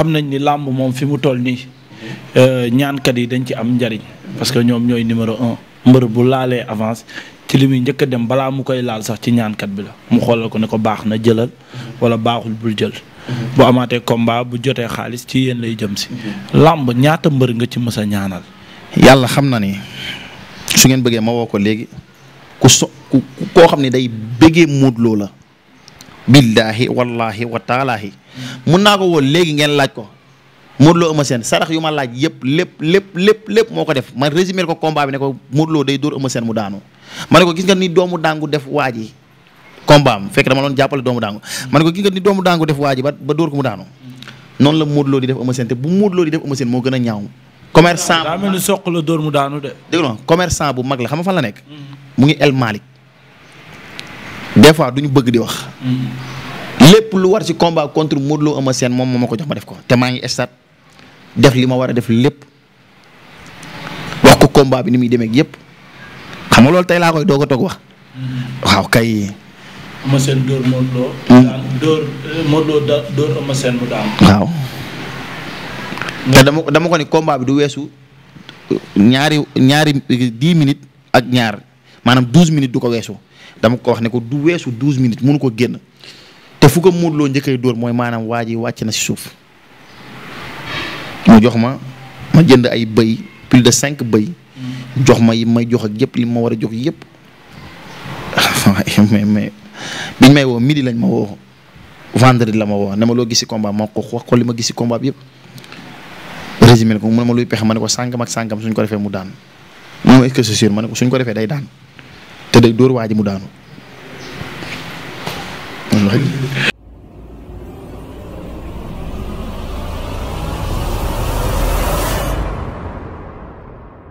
xam nañ ni làmb moom fi mu toll nii euh, ñaankat yi dañ ci am njariñ parce que ñoom ñooy numéro un mbër bu laalee avance ci li muy njëkk a dem balaa mu koy laal sax ci ñaankat bi la mu xoolal ko ne ko baax na jëlal wala baaxul bul jël. bu amaatee combat bu jotee xaalis ci yéen lay jëm si. làmb ñaata mbër nga ci mës a ñaanal. yàlla xam na ni su ngeen bëggee ma woo ko léegi ku koo xam ni day bëggee muut Lo la. billaahi wallaahi wa mun naa ko woo léegi ngeen laaj ko Modou Lo Eumeu Sène sarax yu ma laaj yëpp lépp lépp lépp lépp moo ko def man résumé ko combat bi ne ko Modou Lo day dóor Eumeu mu daanu ma ne ko gis nga ni doomu dàngu def waa ji combat am fekk dama doon jàppale doomu dàngu ma ne ko gis nga ni doomu dàngu def waa ji ba la Modou di def Eumeu Sène te bu Modou Lo di def Eumeu moo gën a ñaaw commerçant daa mel ni soq la dóor mu daanu de dégg nga commerçant mag la xam nga fan la nekk mu ngi El Malick des fois duñu bëgg di wax mm. lépp lu war ci combat contre Modou Lo Eumeu Sène moom moo ma ko jox ma def ko te maa ngi stade def li ma war a def lépp wax ko combat bi ni muy demee yépp xam nga loolu tey laa koy doo ko toog wax. waaw kay. Eumeu Sène dóor Modou hmm. euh, daan waaw. te dama dama ko ni combat bi du weesu euh, ñaari ñaari dix minutes ak ñaar maanaam douze minutes du ko weesu dama ko wax ne ko du weesu douze minutes mënu ko génn. te fu ko loo Lo njëkkee dóor mooy maanaam waa ji wàcc na si suuf mu jox ma ma jënd ay bëy plus de cinq bëy jox ma yi may jox ak yëpp li ma war a jox yëpp mais mais biñ may woo midi lañ ma woo vendredi la ma woo ne ma loo gis si combat ma ko ko li ma gis si combat bi yëpp résumé ko mu ne ma luy pexe ma ne ko sàngam ak sàngam suñ ko defee mu daan mu ne ma est ne ko suñ ko defee day daan te day dóor waa ji mu daanu moom rek